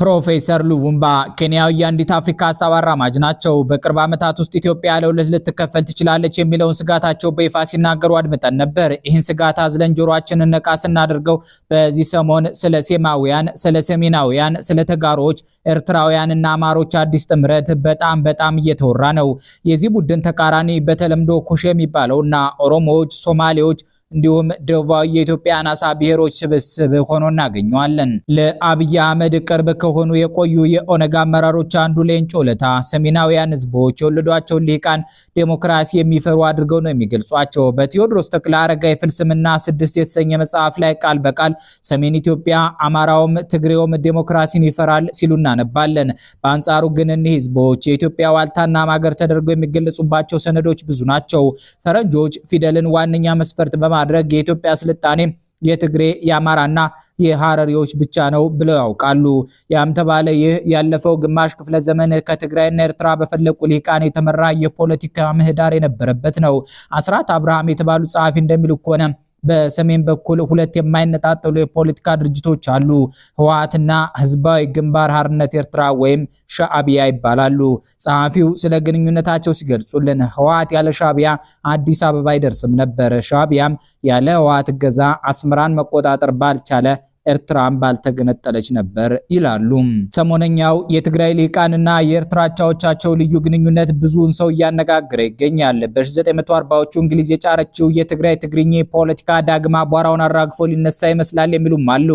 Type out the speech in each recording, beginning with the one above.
ፕሮፌሰር ሉቡምባ ኬንያዊ የአንዲት አፍሪካ ሀሳብ አራማጅ ናቸው። በቅርብ ዓመታት ውስጥ ኢትዮጵያ ለሁለት ልትከፈል ትችላለች የሚለውን ስጋታቸው በይፋ ሲናገሩ አድምጠን ነበር። ይህን ስጋት አዝለን ጆሮአችንን ነቃ ስናደርገው በዚህ ሰሞን ስለ ሴማውያን፣ ስለ ሰሜናውያን፣ ስለ ተጋሮች ኤርትራውያንና አማሮች አዲስ ጥምረት በጣም በጣም እየተወራ ነው። የዚህ ቡድን ተቃራኒ በተለምዶ ኩሽ የሚባለውና ኦሮሞዎች፣ ሶማሌዎች እንዲሁም ደቡባዊ የኢትዮጵያ አናሳ ብሔሮች ስብስብ ሆኖ እናገኘዋለን። ለአብይ አህመድ ቅርብ ከሆኑ የቆዩ የኦነግ አመራሮች አንዱ ሌንጮ ለታ ሰሜናውያን ህዝቦች የወለዷቸውን ሊቃን ዴሞክራሲ የሚፈሩ አድርገው ነው የሚገልጿቸው። በቴዎድሮስ ተክለ አረጋይ ፍልስምና ስድስት የተሰኘ መጽሐፍ ላይ ቃል በቃል ሰሜን ኢትዮጵያ አማራውም ትግሬውም ዴሞክራሲን ይፈራል ሲሉ እናነባለን። በአንጻሩ ግን እኒህ ህዝቦች የኢትዮጵያ ዋልታና ማገር ተደርገው የሚገለጹባቸው ሰነዶች ብዙ ናቸው። ፈረንጆች ፊደልን ዋነኛ መስፈርት በማ በማድረግ የኢትዮጵያ ስልጣኔ የትግሬ የአማራና የሀረሪዎች ብቻ ነው ብለው ያውቃሉ። ያም ተባለ ይህ ያለፈው ግማሽ ክፍለ ዘመን ከትግራይና ኤርትራ በፈለቁ ሊቃን የተመራ የፖለቲካ ምህዳር የነበረበት ነው። አስራት አብርሃም የተባሉ ጸሐፊ እንደሚሉ ከሆነ በሰሜን በኩል ሁለት የማይነጣጠሉ የፖለቲካ ድርጅቶች አሉ። ህወሓትና ህዝባዊ ግንባር ሀርነት ኤርትራ ወይም ሻዕቢያ ይባላሉ። ጸሐፊው ስለ ግንኙነታቸው ሲገልጹልን ህወሓት ያለ ሻዕቢያ አዲስ አበባ አይደርስም ነበር። ሻዕቢያም ያለ ህወሓት እገዛ አስመራን መቆጣጠር ባልቻለ ኤርትራን ባልተገነጠለች ነበር ይላሉ። ሰሞነኛው የትግራይ ሊቃንና የኤርትራ አቻዎቻቸው ልዩ ግንኙነት ብዙውን ሰው እያነጋገረ ይገኛል። በ1940ዎቹ እንግሊዝ የጫረችው የትግራይ ትግርኝ ፖለቲካ ዳግማ አቧራውን አራግፎ ሊነሳ ይመስላል የሚሉም አሉ።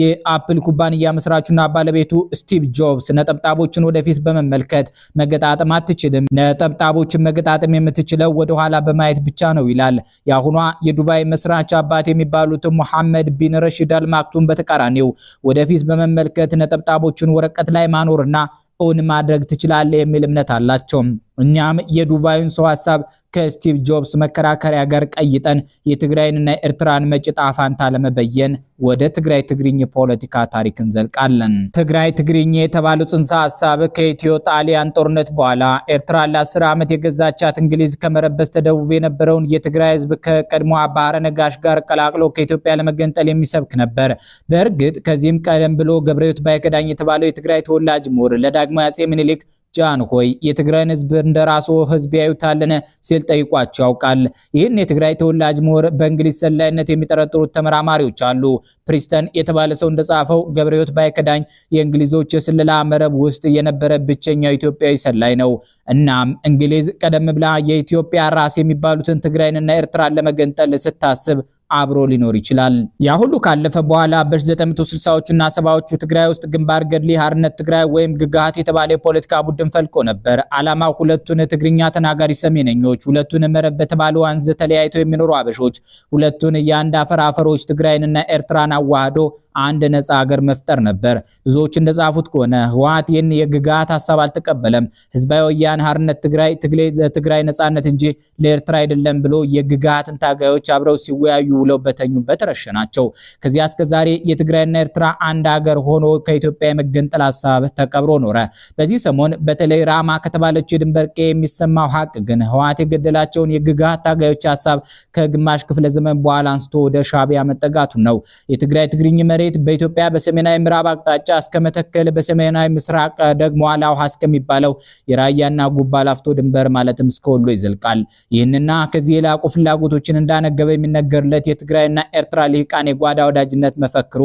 የአፕል ኩባንያ መስራቹና ባለቤቱ ስቲቭ ጆብስ ነጠብጣቦችን ወደፊት በመመልከት መገጣጠም አትችልም፣ ነጠብጣቦችን መገጣጠም የምትችለው ወደኋላ በማየት ብቻ ነው ይላል። የአሁኗ የዱባይ መስራች አባት የሚባሉት ሙሐመድ ቢን ረሽድ አልማክቱም ሁሉም በተቃራኒው ወደፊት በመመልከት ነጠብጣቦቹን ወረቀት ላይ ማኖርና እውን ማድረግ ትችላለህ የሚል እምነት አላቸው። እኛም የዱባዩን ሰው ሀሳብ ከስቲቭ ጆብስ መከራከሪያ ጋር ቀይጠን የትግራይንና ኤርትራን መጪ ዕጣ ፈንታ ለመበየን ወደ ትግራይ ትግርኝ ፖለቲካ ታሪክ እንዘልቃለን። ትግራይ ትግርኝ የተባለው ጽንሰ ሀሳብ ከኢትዮ ጣሊያን ጦርነት በኋላ ኤርትራ ለአስር ዓመት የገዛቻት እንግሊዝ ከመረብ በስተደቡብ የነበረውን የትግራይ ህዝብ ከቀድሞ ባህረ ነጋሽ ጋር ቀላቅሎ ከኢትዮጵያ ለመገንጠል የሚሰብክ ነበር። በእርግጥ ከዚህም ቀደም ብሎ ገብረዮት ባይከዳኝ የተባለው የትግራይ ተወላጅ ምሁር ለዳግማዊ አፄ ምኒልክ ጃን ሆይ የትግራይን ህዝብ እንደራሶ ህዝብ ያዩታልን ሲል ጠይቋቸው ያውቃል። ይህን የትግራይ ተወላጅ ምሁር በእንግሊዝ ሰላይነት የሚጠረጥሩት ተመራማሪዎች አሉ። ፕሪስተን የተባለ ሰው እንደጻፈው ገብረሕይወት ባይከዳኝ የእንግሊዞች የስለላ መረብ ውስጥ የነበረ ብቸኛው ኢትዮጵያዊ ሰላይ ነው። እናም እንግሊዝ ቀደም ብላ የኢትዮጵያ ራስ የሚባሉትን ትግራይንና ኤርትራን ለመገንጠል ስታስብ አብሮ ሊኖር ይችላል። ያ ሁሉ ካለፈ በኋላ በ1960ዎቹና ሰባዎቹ ትግራይ ውስጥ ግንባር ገድሊ ሀርነት ትግራይ ወይም ግግሃት የተባለ የፖለቲካ ቡድን ፈልቆ ነበር። ዓላማው ሁለቱን ትግርኛ ተናጋሪ ሰሜነኞች፣ ሁለቱን መረብ በተባለ ወንዝ ተለያይተው የሚኖሩ አበሾች፣ ሁለቱን የአንድ አፈር አፈሮች ትግራይንና ኤርትራን አዋህዶ አንድ ነፃ ሀገር መፍጠር ነበር። ብዙዎች እንደጻፉት ከሆነ ህወሓት ይህን የግጋት ሀሳብ አልተቀበለም። ህዝባዊ ወያነ ሓርነት ትግራይ ትግሌ ለትግራይ ነፃነት እንጂ ለኤርትራ አይደለም ብሎ የግጋትን ታጋዮች አብረው ሲወያዩ ውለው በተኙበት ረሸናቸው። ከዚያ እስከ ዛሬ የትግራይና ኤርትራ አንድ ሀገር ሆኖ ከኢትዮጵያ የመገንጠል ሀሳብ ተቀብሮ ኖረ። በዚህ ሰሞን በተለይ ራማ ከተባለች የድንበር ቀዬ የሚሰማው ሀቅ ግን ህወሓት የገደላቸውን የግጋት ታጋዮች ሀሳብ ከግማሽ ክፍለ ዘመን በኋላ አንስቶ ወደ ሻቢያ መጠጋቱ ነው። የትግራይ ትግርኝ መሪ መሬት በኢትዮጵያ በሰሜናዊ ምዕራብ አቅጣጫ እስከ መተከል በሰሜናዊ ምስራቅ ደግሞ አላውሃ እስከሚባለው የራያና ጉባ ላፍቶ ድንበር ማለትም እስከ ወሎ ይዘልቃል። ይህንና ከዚህ የላቁ ፍላጎቶችን እንዳነገበ የሚነገርለት የትግራይና ኤርትራ ልሂቃን የጓዳ ወዳጅነት መፈክሩ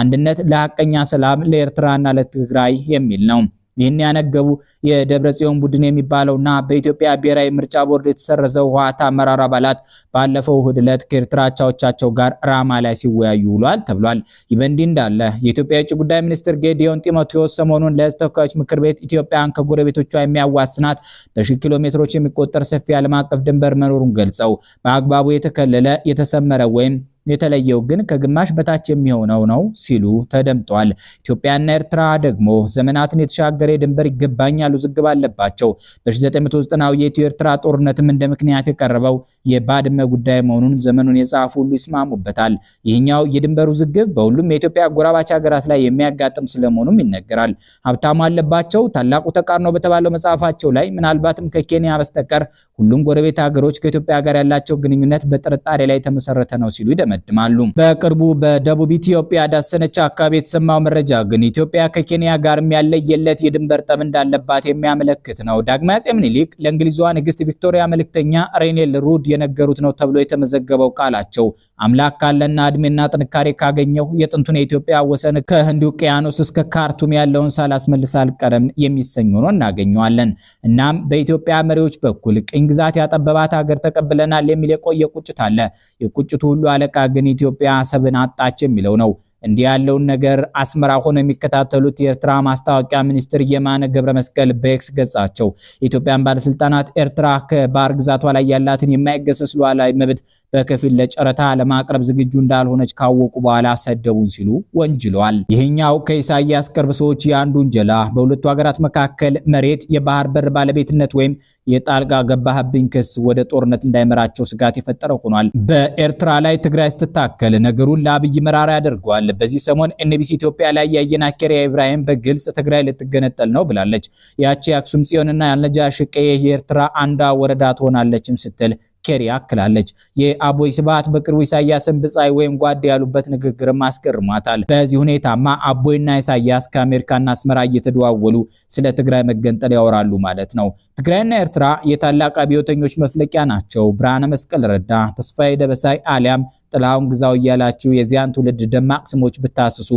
አንድነት ለሀቀኛ ሰላም ለኤርትራና ለትግራይ የሚል ነው። ይህን ያነገቡ የደብረ ጽዮን ቡድን የሚባለውና በኢትዮጵያ ብሔራዊ ምርጫ ቦርድ የተሰረዘው ህወሓት አመራር አባላት ባለፈው እሁድ ዕለት ከኤርትራ አቻዎቻቸው ጋር ራማ ላይ ሲወያዩ ውሏል ተብሏል። ይህ በእንዲህ እንዳለ የኢትዮጵያ የውጭ ጉዳይ ሚኒስትር ጌዲዮን ጢሞቴዎስ ሰሞኑን ለህዝብ ተወካዮች ምክር ቤት ኢትዮጵያን ከጎረቤቶቿ የሚያዋስናት በሺ ኪሎ ሜትሮች የሚቆጠር ሰፊ ዓለም አቀፍ ድንበር መኖሩን ገልጸው በአግባቡ የተከለለ የተሰመረ ወይም የተለየው ግን ከግማሽ በታች የሚሆነው ነው ሲሉ ተደምጧል። ኢትዮጵያና ኤርትራ ደግሞ ዘመናትን የተሻገረ የድንበር ይገባኛል ውዝግብ አለባቸው። በ1990 የኢትዮ ኤርትራ ጦርነትም እንደ ምክንያት የቀረበው የባድመ ጉዳይ መሆኑን ዘመኑን የጻፉ ሁሉ ይስማሙበታል። ይህኛው የድንበር ውዝግብ በሁሉም የኢትዮጵያ አጎራባች ሀገራት ላይ የሚያጋጥም ስለመሆኑም ይነገራል። ሀብታሙ አለባቸው ታላቁ ተቃርኖ በተባለው መጽሐፋቸው ላይ ምናልባትም ከኬንያ በስተቀር ሁሉም ጎረቤት ሀገሮች ከኢትዮጵያ ጋር ያላቸው ግንኙነት በጥርጣሬ ላይ የተመሰረተ ነው ሲሉ ይደም ይደመድማሉ። በቅርቡ በደቡብ ኢትዮጵያ ዳሰነች አካባቢ የተሰማው መረጃ ግን ኢትዮጵያ ከኬንያ ጋርም ያለየለት የድንበር ጠብ እንዳለባት የሚያመለክት ነው። ዳግማዊ አፄ ምኒልክ ለእንግሊዟ ንግስት ቪክቶሪያ መልእክተኛ ሬኔል ሩድ የነገሩት ነው ተብሎ የተመዘገበው ቃላቸው አምላክ ካለና እድሜና ጥንካሬ ካገኘሁ የጥንቱን የኢትዮጵያ ወሰን ከህንድ ውቅያኖስ እስከ ካርቱም ያለውን ሳላስመልስ አልቀረም የሚሰኝ ሆኖ እናገኘዋለን። እናም በኢትዮጵያ መሪዎች በኩል ቅኝ ግዛት ያጠበባት ሀገር ተቀብለናል የሚል የቆየ ቁጭት አለ። የቁጭቱ ሁሉ አለቃ ግን ኢትዮጵያ አሰብን አጣች የሚለው ነው። እንዲህ ያለውን ነገር አስመራ ሆነው የሚከታተሉት የኤርትራ ማስታወቂያ ሚኒስትር የማነ ገብረመስቀል በኤክስ ገጻቸው የኢትዮጵያን ባለስልጣናት ኤርትራ ከባህር ግዛቷ ላይ ያላትን የማይገሰስ ሉዓላዊ መብት በከፊል ለጨረታ ለማቅረብ ዝግጁ እንዳልሆነች ካወቁ በኋላ ሰደቡን ሲሉ ወንጅለዋል። ይህኛው ከኢሳያስ ቅርብ ሰዎች የአንዱ ውንጀላ በሁለቱ ሀገራት መካከል መሬት የባህር በር ባለቤትነት ወይም የጣልቃ ገባህብኝ ክስ ወደ ጦርነት እንዳይመራቸው ስጋት የፈጠረ ሆኗል። በኤርትራ ላይ ትግራይ ስትታከል ነገሩን ለአብይ መራራ ያደርገዋል። በዚህ ሰሞን ኤንቢሲ ኢትዮጵያ ላይ ያየናት ኬሪያ ኢብራሂም በግልጽ ትግራይ ልትገነጠል ነው ብላለች። ያቺ የአክሱም ጽዮንና ያልነጃሽ ቀዬ የኤርትራ አንዷ ወረዳ ትሆናለችም ስትል ኬሪ አክላለች። የአቦይ ስብሃት በቅርቡ ኢሳያስን ብጻይ ወይም ጓድ ያሉበት ንግግርም አስገርሟታል። በዚህ ሁኔታማ አቦይና ኢሳያስ ከአሜሪካና አስመራ እየተደዋወሉ ስለ ትግራይ መገንጠል ያወራሉ ማለት ነው። ትግራይና ኤርትራ የታላቅ አብዮተኞች መፍለቂያ ናቸው። ብርሃነ መስቀል ረዳ፣ ተስፋዬ ደበሳይ አሊያም ጥላሁን ግዛው እያላችሁ የዚያን ትውልድ ደማቅ ስሞች ብታስሱ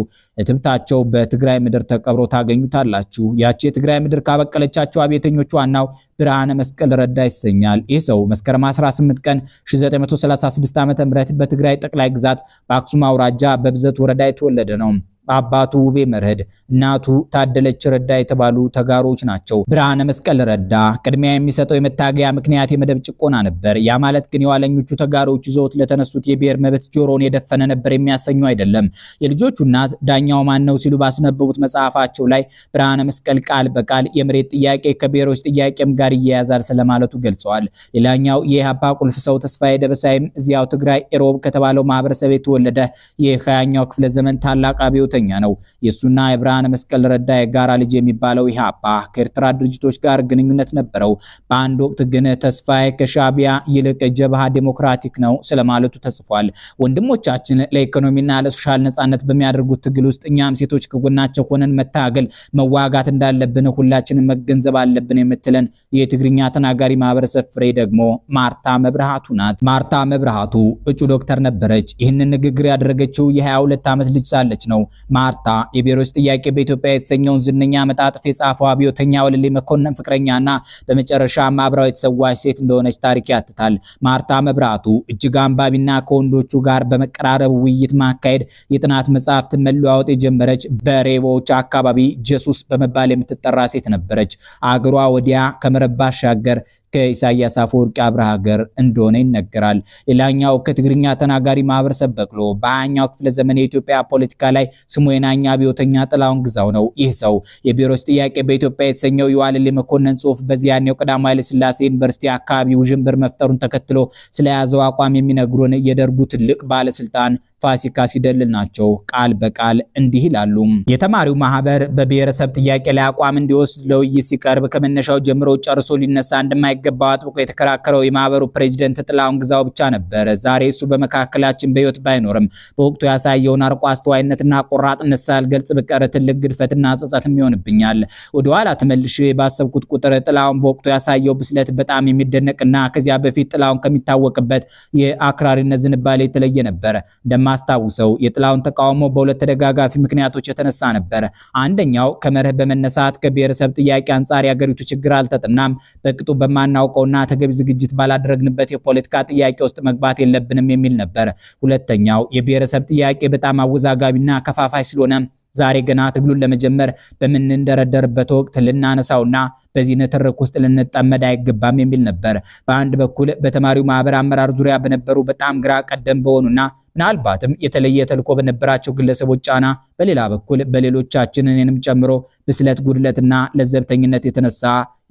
እትብታቸው በትግራይ ምድር ተቀብሮ ታገኙታላችሁ። ያቺ የትግራይ ምድር ካበቀለቻቸው አብዮተኞች ዋናው ብርሃነ መስቀል ረዳ ይሰኛል። ይህ ሰው መስከረም 18 ቀን 1936 ም በትግራይ ጠቅላይ ግዛት በአክሱም አውራጃ በብዘት ወረዳ የተወለደ ነው። አባቱ ውቤ መርህድ፣ እናቱ ታደለች ረዳ የተባሉ ተጋሮች ናቸው። ብርሃነ መስቀል ረዳ ቅድሚያ የሚሰጠው የመታገያ ምክንያት የመደብ ጭቆና ነበር። ያ ማለት ግን የኋለኞቹ ተጋሮች ይዘውት ለተነሱት የብሔር መብት ጆሮን የደፈነ ነበር የሚያሰኙ አይደለም። የልጆቹ እናት ዳኛው ማን ነው ሲሉ ባስነበቡት መጽሐፋቸው ላይ ብርሃነ መስቀል ቃል በቃል የመሬት ጥያቄ ከብሔሮች ጥያቄም ጋር ይያያዛል ስለማለቱ ገልጸዋል። ሌላኛው የኢህአፓ ቁልፍ ሰው ተስፋዬ ደበሳይም እዚያው ትግራይ ኢሮብ ከተባለው ማህበረሰብ የተወለደ 2ኛው ክፍለ ዘመን ታላቅ አብዮት ችሎተኛ ነው። የእሱና የብርሃነ መስቀል ረዳ የጋራ ልጅ የሚባለው ኢህአፓ ከኤርትራ ድርጅቶች ጋር ግንኙነት ነበረው። በአንድ ወቅት ግን ተስፋዬ ከሻቢያ ይልቅ ጀብሃ ዴሞክራቲክ ነው ስለማለቱ ተጽፏል። ወንድሞቻችን ለኢኮኖሚና ለሶሻል ነጻነት በሚያደርጉት ትግል ውስጥ እኛም ሴቶች ከጎናቸው ሆነን መታገል መዋጋት እንዳለብን ሁላችንም መገንዘብ አለብን የምትለን የትግርኛ ተናጋሪ ማህበረሰብ ፍሬ ደግሞ ማርታ መብርሃቱ ናት። ማርታ መብርሃቱ እጩ ዶክተር ነበረች። ይህንን ንግግር ያደረገችው የ22 ዓመት ልጅ ሳለች ነው። ማርታ የብሔሮች ጥያቄ በኢትዮጵያ የተሰኘውን ዝነኛ መጣጥፍ የጻፈው አብዮተኛ ወለሌ መኮንን ፍቅረኛና በመጨረሻ ማብራዊ የተሰዋች ሴት እንደሆነች ታሪክ ያትታል። ማርታ መብራቱ እጅግ አንባቢና ከወንዶቹ ጋር በመቀራረብ ውይይት ማካሄድ፣ የጥናት መጽሐፍትን መለዋወጥ የጀመረች በሬቦዎች አካባቢ ጀሱስ በመባል የምትጠራ ሴት ነበረች። አገሯ ወዲያ ከመረብ ባሻገር ከኢሳያስ አፈወርቂ አብርሃ ጋር እንደሆነ ይነገራል። ሌላኛው ከትግርኛ ተናጋሪ ማህበረሰብ በቅሎ በሃያኛው ክፍለ ዘመን የኢትዮጵያ ፖለቲካ ላይ ስሙ የናኛ አብዮተኛ ጥላውን ግዛው ነው። ይህ ሰው የቢሮች ጥያቄ በኢትዮጵያ የተሰኘው የዋለልኝ መኮንን ጽሁፍ በዚህ ያኔው ቀዳማዊ ኃይለ ሥላሴ ዩኒቨርሲቲ አካባቢ ውዥንብር መፍጠሩን ተከትሎ ስለያዘው አቋም የሚነግሩን የደርጉ ትልቅ ባለስልጣን ፋሲካ ሲደልል ናቸው። ቃል በቃል እንዲህ ይላሉ። የተማሪው ማህበር በብሔረሰብ ጥያቄ ላይ አቋም እንዲወስድ ለውይይት ሲቀርብ ከመነሻው ጀምሮ ጨርሶ ሊነሳ እንደማይገባው አጥብቆ የተከራከረው የማህበሩ ፕሬዚደንት ጥላሁን ግዛው ብቻ ነበር። ዛሬ እሱ በመካከላችን በህይወት ባይኖርም በወቅቱ ያሳየውን አርቆ አስተዋይነትና ቆራጥነት ሳልገልጽ ብቀር ትልቅ ግድፈትና ጸጸትም ይሆንብኛል። ወደኋላ ተመልሼ ባሰብኩት ቁጥር ጥላሁን በወቅቱ ያሳየው ብስለት በጣም የሚደነቅና ከዚያ በፊት ጥላሁን ከሚታወቅበት የአክራሪነት ዝንባሌ የተለየ ነበር። የማስታውሰው የጥላውን ተቃውሞ በሁለት ተደጋጋፊ ምክንያቶች የተነሳ ነበር። አንደኛው ከመርህ በመነሳት ከብሔረሰብ ጥያቄ አንጻር የአገሪቱ ችግር አልተጠናም፣ በቅጡ በማናውቀውና ተገቢ ዝግጅት ባላደረግንበት የፖለቲካ ጥያቄ ውስጥ መግባት የለብንም የሚል ነበር። ሁለተኛው የብሔረሰብ ጥያቄ በጣም አወዛጋቢና ከፋፋይ ስለሆነ ዛሬ ገና ትግሉን ለመጀመር በምንደረደርበት ወቅት ልናነሳውና በዚህ ንትርክ ውስጥ ልንጠመድ አይገባም የሚል ነበር። በአንድ በኩል በተማሪው ማህበር አመራር ዙሪያ በነበሩ በጣም ግራ ቀደም በሆኑና ምናልባትም የተለየ ተልኮ በነበራቸው ግለሰቦች ጫና በሌላ በኩል በሌሎቻችን እኔንም ጨምሮ ብስለት፣ ጉድለትና ለዘብተኝነት የተነሳ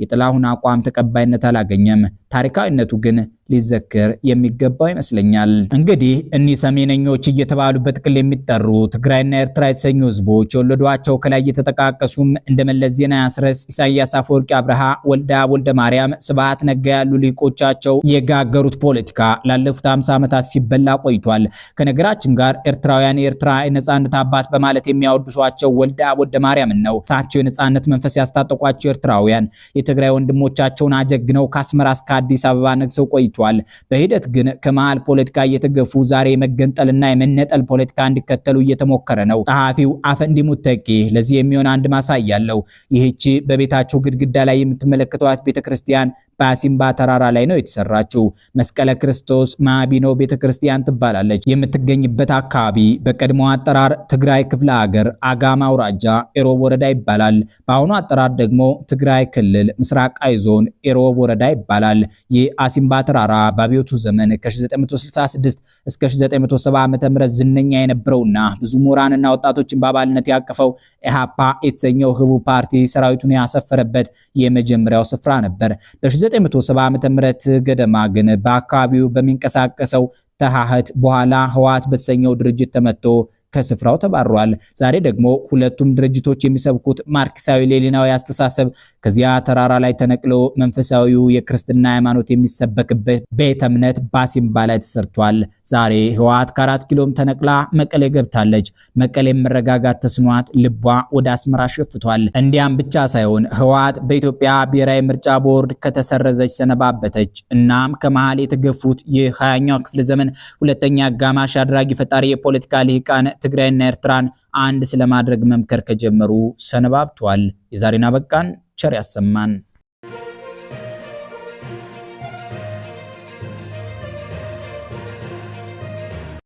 የጥላሁን አቋም ተቀባይነት አላገኘም። ታሪካዊነቱ ግን ሊዘክር የሚገባው ይመስለኛል። እንግዲህ እኒህ ሰሜነኞች እየተባሉ በጥቅል የሚጠሩ ትግራይና ኤርትራ የተሰኙ ህዝቦች የወለዷቸው ከላይ የተጠቃቀሱም እንደ መለስ ዜና ያስረስ፣ ኢሳያስ አፈወርቂ አብርሃ፣ ወልዳ ወልደ ማርያም፣ ስብሐት ነጋ ያሉ ሊቆቻቸው የጋገሩት ፖለቲካ ላለፉት 50 ዓመታት ሲበላ ቆይቷል። ከነገራችን ጋር ኤርትራውያን የኤርትራ የነጻነት አባት በማለት በማለት የሚያወድሷቸው ወልዳ ወልደ ማርያምን ነው። እሳቸው የነጻነት መንፈስ ያስታጠቋቸው ኤርትራውያን የትግራይ ወንድሞቻቸውን አጀግነው ከአስመራ እስከ አዲስ አበባ ነግሰው ቆይቷል። በሂደት ግን ከመሃል ፖለቲካ እየተገፉ ዛሬ የመገንጠልና የመነጠል ፖለቲካ እንዲከተሉ እየተሞከረ ነው። ጸሐፊው አፈንዲ ሙተቂ ለዚህ የሚሆን አንድ ማሳያ አለው። ይህቺ በቤታቸው ግድግዳ ላይ የምትመለከቷት ቤተክርስቲያን በአሲምባ ተራራ ላይ ነው የተሰራችው። መስቀለ ክርስቶስ ማቢኖ ቤተክርስቲያን ትባላለች። የምትገኝበት አካባቢ በቀድሞ አጠራር ትግራይ ክፍለ ሀገር አጋማ አውራጃ ኤሮብ ወረዳ ይባላል። በአሁኑ አጠራር ደግሞ ትግራይ ክልል ምስራቃዊ ዞን ኤሮብ ወረዳ ይባላል። የአሲምባ ተራራ በአብዮቱ ዘመን ከ1966 እስከ 1970 ም ዝነኛ የነበረውና ብዙ ምሁራንና ወጣቶችን በአባልነት ያቀፈው ኢሃፓ የተሰኘው ህቡ ፓርቲ ሰራዊቱን ያሰፈረበት የመጀመሪያው ስፍራ ነበር። በ1970 ም ገደማ ግን በአካባቢው በሚንቀሳቀሰው ተሃህት በኋላ ህወሓት በተሰኘው ድርጅት ተመቶ ከስፍራው ተባሯል። ዛሬ ደግሞ ሁለቱም ድርጅቶች የሚሰብኩት ማርክሳዊ ሌሊናዊ አስተሳሰብ ከዚያ ተራራ ላይ ተነቅሎ መንፈሳዊው የክርስትና ሃይማኖት የሚሰበክበት ቤተ እምነት ባሲምባ ላይ ተሰርቷል። ዛሬ ህወሓት ከአራት ኪሎም ተነቅላ መቀሌ ገብታለች። መቀሌ መረጋጋት ተስኗት ልቧ ወደ አስመራ ሸፍቷል። እንዲያም ብቻ ሳይሆን ህወሓት በኢትዮጵያ ብሔራዊ ምርጫ ቦርድ ከተሰረዘች ሰነባበተች። እናም ከመሃል የተገፉት የ2ኛው ክፍለ ዘመን ሁለተኛ አጋማሽ አድራጊ ፈጣሪ የፖለቲካ ልሂቃን ትግራይና ኤርትራን አንድ ስለማድረግ መምከር ከጀመሩ ሰነባብቷል። የዛሬን አበቃን። ቸር ያሰማን።